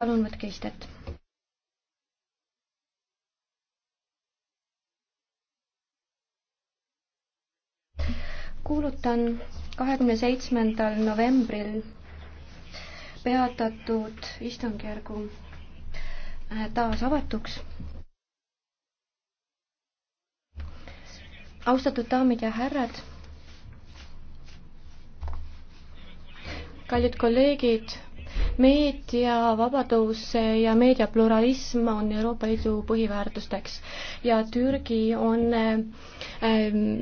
palun võtke istet. kuulutan kahekümne seitsmendal novembril peatatud istungjärgu äh, taas avatuks. austatud daamid ja härrad, kallid kolleegid meediavabadus ja meediapluralism on Euroopa Liidu põhiväärtusteks ja Türgi on ähm,